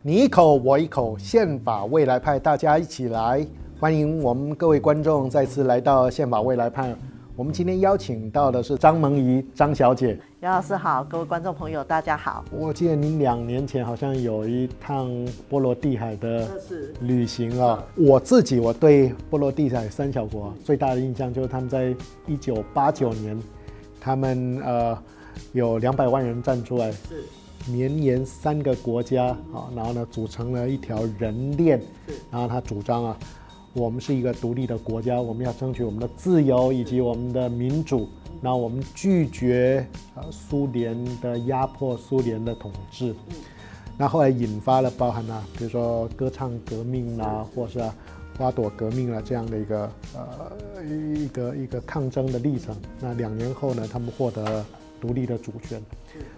你一口我一口，憲法未來派，大家一起來！歡迎我們各位觀眾再次來到憲法未來派。我們今天邀請到的是張盟宜張小姐，楊老師好，各位觀眾朋友大家好。我記得您兩年前好像有一趟波羅的海的旅行啊。我自己我對波羅的海三小國最大的印象就是他們在一九八九年，他們呃有兩百萬人站出來。是。綿延三個國家啊，然後呢，組成了一條人鏈。然後他主張啊，我們是一個獨立的國家，我們要爭取我們的自由以及我們的民主。那我們拒絕啊蘇聯的壓迫、蘇聯的統治。那後來引發了包含了、啊、比如說歌唱革命啦、啊，或是、啊、花朵革命啦、啊、這樣的一個呃一個一個抗爭的歷程。那兩年後呢，他們獲得。獨立的主權，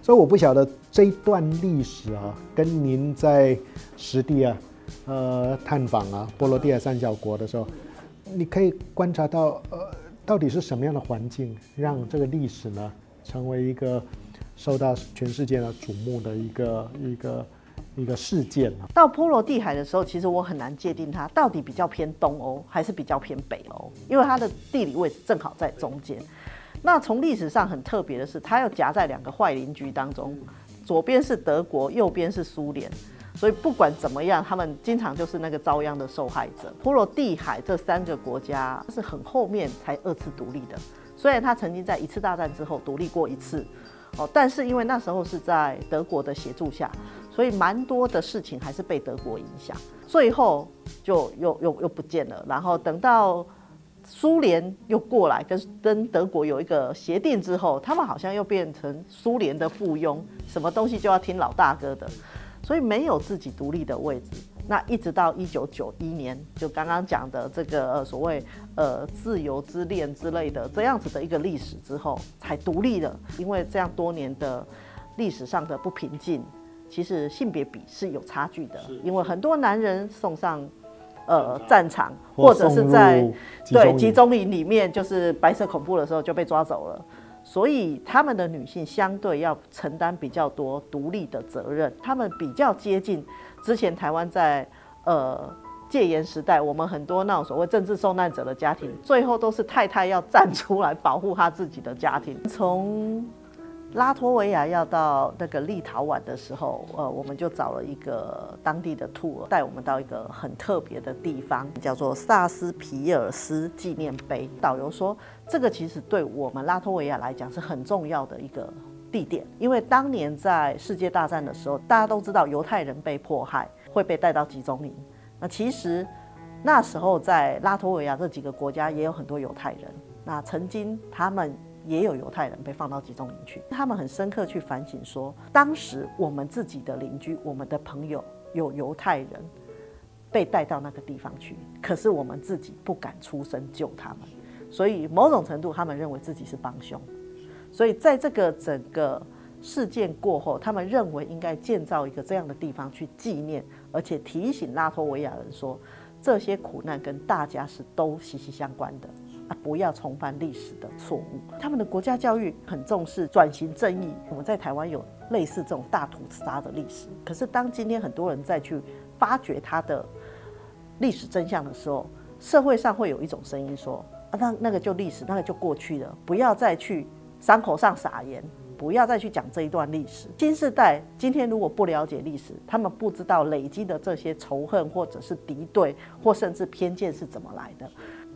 所以我不曉得這一段歷史啊，跟您在實地啊，呃，探訪啊，波羅的海三小國的時候，你可以觀察到，呃，到底是什麼樣的環境，讓這個歷史呢，成為一個受到全世界的矚目的一個一個一個事件啊。到波羅的海的時候，其實我很難界定它到底比較偏東歐，還是比較偏北歐，因為它的地理位置正好在中間。那從歷史上很特別的是，他要夾在兩個壞鄰居當中，左邊是德國，右邊是蘇聯，所以不管怎麼樣，他們經常就是那個遭殃的受害者。波羅的海這三個國家是很後面才二次獨立的，雖然他曾經在一次大戰之後獨立過一次，哦，但是因為那時候是在德國的協助下，所以蠻多的事情還是被德國影響，最後就又又又不見了。然後等到。蘇聯又過來跟跟德國有一個協定之後，他們好像又變成蘇聯的附庸，什麼東西就要聽老大哥的，所以沒有自己獨立的位置。那一直到一九九一年，就剛剛講的這個所謂呃自由之戀之類的這樣子的一個歷史之後，才獨立的。因為這樣多年的歷史上的不平靜，其實性別比是有差距的，因為很多男人送上。呃，戰場或者是在對集中營裡面，就是白色恐怖的時候就被抓走了，所以他們的女性相對要承擔比較多獨立的責任，他們比較接近之前台灣在呃戒嚴時代，我們很多那種所謂政治受難者的家庭，最後都是太太要站出來保護她自己的家庭，從。拉脫維亞要到那個立陶宛的時候，呃，我們就找了一個當地的 tour 帶我們到一個很特別的地方，叫做薩斯皮爾斯紀念碑。導遊說，這個其實對我們拉脫維亞來講是很重要的一個地點，因為當年在世界大戰的時候，大家都知道猶太人被迫害會被帶到集中營。那其實那時候在拉脫維亞這幾個國家也有很多猶太人，那曾經他們。也有猶太人被放到集中營去，他們很深刻去反省說，說當時我們自己的鄰居、我們的朋友有猶太人被帶到那個地方去，可是我們自己不敢出聲救他們，所以某種程度他們認為自己是幫兇。所以在這個整個事件過後，他們認為應該建造一個這樣的地方去紀念，而且提醒拉脫維亞人說這些苦難跟大家是都息息相關的。不要重返歷史的錯誤。他們的國家教育很重視轉型正義。我們在台灣有類似這種大屠殺的歷史。可是，當今天很多人再去發掘他的歷史真相的時候，社會上會有一種聲音說：“啊，那那個就歷史，那個就過去了，不要再去傷口上撒鹽，不要再去講這一段歷史。”新世代今天如果不了解歷史，他們不知道累積的這些仇恨或者是敵對，或甚至偏見是怎麼來的。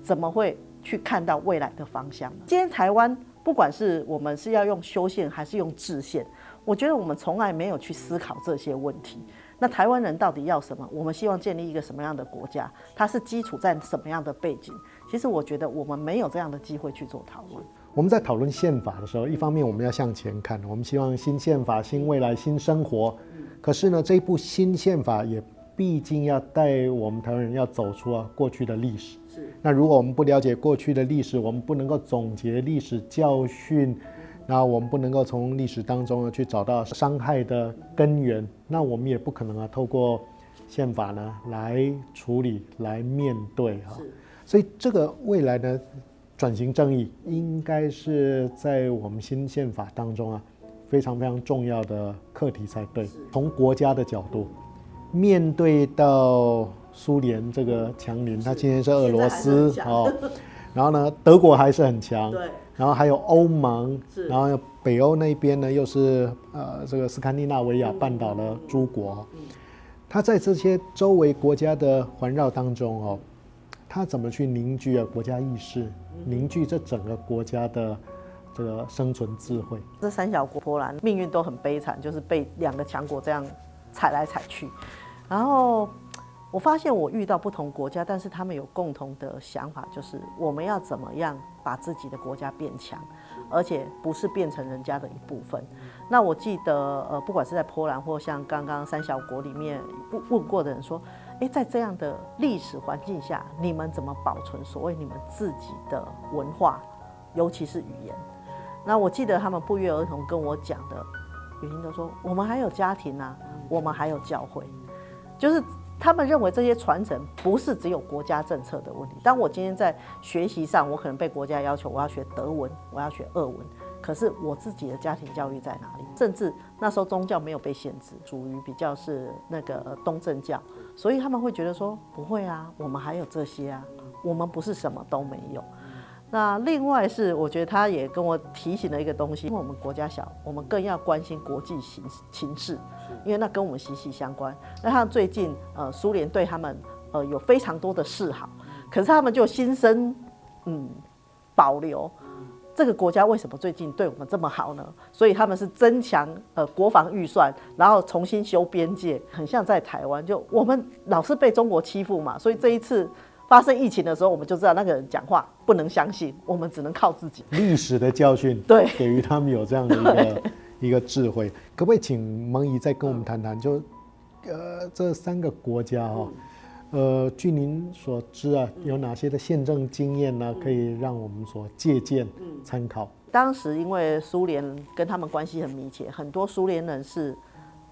怎麼會去看到未來的方向呢？今天台灣，不管是我們是要用修憲還是用制憲，我覺得我們從來沒有去思考這些問題。那台灣人到底要什麼？我們希望建立一個什麼樣的國家？它是基礎在什麼樣的背景？其實我覺得我們沒有這樣的機會去做討論。我們在討論憲法的時候，一方面我們要向前看，我們希望新憲法、新未來、新生活。可是呢，這一部新憲法也。畢竟要帶我們台灣人要走出啊過去的歷史，那如果我們不了解過去的歷史，我們不能夠總結歷史教訓，然後，我們不能夠從歷史當中呢去找到傷害的根源，那我們也不可能啊透過憲法呢來處理、來面對啊，所以這個未來的轉型正義應該是在我們新憲法當中啊非常非常重要的課題才對，從國家的角度。面對到蘇聯這個強鄰，他今天是俄羅斯、哦、然後呢，德國還是很強，對，然後還有歐盟，然後北歐那邊呢又是呃這個斯堪的納維亞半島的諸國、嗯嗯嗯，他在這些周圍國家的環繞當中哦，它怎麼去凝聚啊國家意識，凝聚這整個國家的這個生存智慧？這三小國波蘭命運都很悲慘，就是被兩個強國這樣踩來踩去。然後我發現我遇到不同國家，但是他們有共同的想法，就是我們要怎麼樣把自己的國家變強，而且不是變成人家的一部分。那我記得呃，不管是在波蘭或像剛剛三小國裡面問過的人說，哎，在這樣的歷史環境下，你們怎麼保存所謂你們自己的文化，尤其是語言？那我記得他們不約而同跟我講的原因，都說我們還有家庭啊，我們還有教會。就是他們認為這些傳承不是只有國家政策的問題。當我今天在學習上，我可能被國家要求我要學德文，我要學俄文，可是我自己的家庭教育在哪裡？甚至那時候宗教沒有被限制，屬於比較是那個東正教，所以他們會覺得說不會啊，我們還有這些啊，我們不是什麼都沒有。那另外是，我覺得他也跟我提醒了一個東西，因為我們國家小，我們更要關心國際形形勢，因為那跟我們息息相關。那他最近呃，蘇聯對他們呃有非常多的示好，可是他們就心生嗯保留。這個國家為什麼最近對我們這麼好呢？所以他們是增強呃國防預算，然後重新修邊界，很像在台灣，就我們老是被中國欺負嘛，所以這一次。發生疫情的時候，我們就知道那個人講話不能相信，我們只能靠自己。歷史的教訓，對，給予他們有這樣的一個一個智慧。可不可以請盟宜再跟我們談談？就呃這三個國家哦，呃，據您所知啊，有哪些的憲政經驗呢？可以讓我們所借鑑參考？當時因為蘇聯跟他們關係很密切，很多蘇聯人是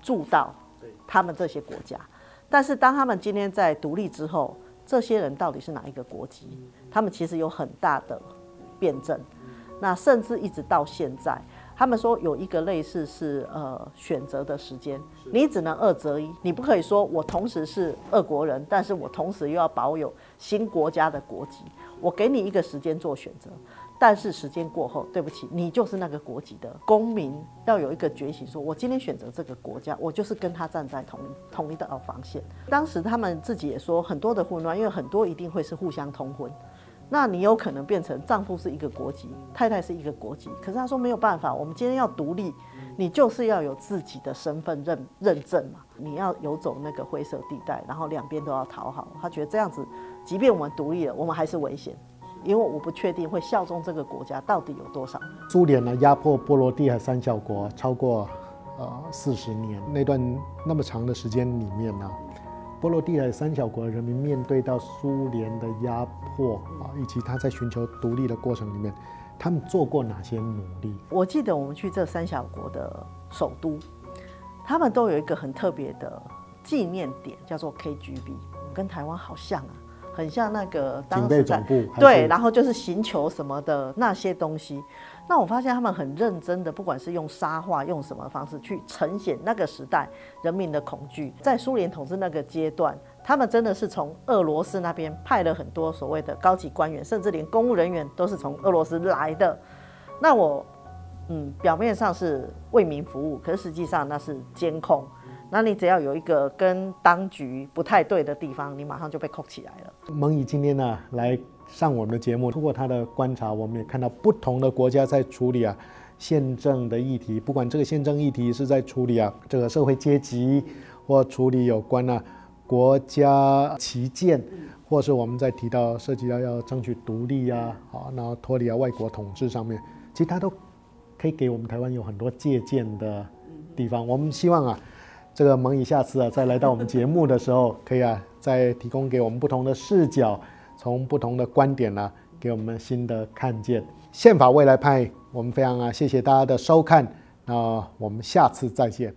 住到他們這些國家，但是當他們今天在獨立之後。這些人到底是哪一個國籍？他們其實有很大的辯證。那甚至一直到現在，他們說有一個類似是呃選擇的時間，你只能二擇一，你不可以說我同時是俄國人，但是我同時又要保有新國家的國籍。我給你一個時間做選擇，但是時間過後，對不起，你就是那個國籍的公民，要有一個覺醒說，說我今天選擇這個國家，我就是跟他站在同同一道防線。當時他們自己也說很多的混亂，因為很多一定會是互相通婚，那你有可能變成丈夫是一個國籍，太太是一個國籍。可是他說沒有辦法，我們今天要獨立，你就是要有自己的身份認認證嘛，你要游走那個灰色地帶，然後兩邊都要討好。他覺得這樣子。即便我們獨立了，我們還是危險，因為我不確定會效忠這個國家到底有多少。蘇聯呢，壓迫波羅的海三小國超過呃四十年，那段那麼長的時間裡面呢、啊，波羅的海三小國人民面對到蘇聯的壓迫啊，以及他在尋求獨立的過程裡面，他們做過哪些努力？我記得我們去這三小國的首都，他們都有一個很特別的紀念點，叫做 KGB，跟台灣好像啊。很像那個警備總部，對，然後就是刑求什麼的那些東西。那我發現他們很認真的，不管是用沙畫，用什麼方式去呈現那個時代人民的恐懼。在蘇聯統治那個階段，他們真的是從俄羅斯那邊派了很多所謂的高級官員，甚至連公務人員都是從俄羅斯來的。那我，嗯，表面上是為民服務，可是實際上那是監控。那你只要有一個跟當局不太對的地方，你馬上就被扣起來了。盟宜今天呢、啊、來上我們的節目，通過他的觀察，我們也看到不同的國家在處理啊憲政的議題，不管這個憲政議題是在處理啊這個社會階級或處理有關啊國家旗艦，嗯，或是我們在提到涉及到要爭取獨立啊，嗯、然後脫離啊外國統治上面，其實他都可以給我們台灣有很多借鑑的地方。嗯、我們希望啊。這個盟宜，下次啊再來到我們節目的時候，可以啊再提供給我們不同的視角，從不同的觀點呢、啊、給我們新的看見。憲法未來派，我們非常啊謝謝大家的收看，那、呃、我們下次再見。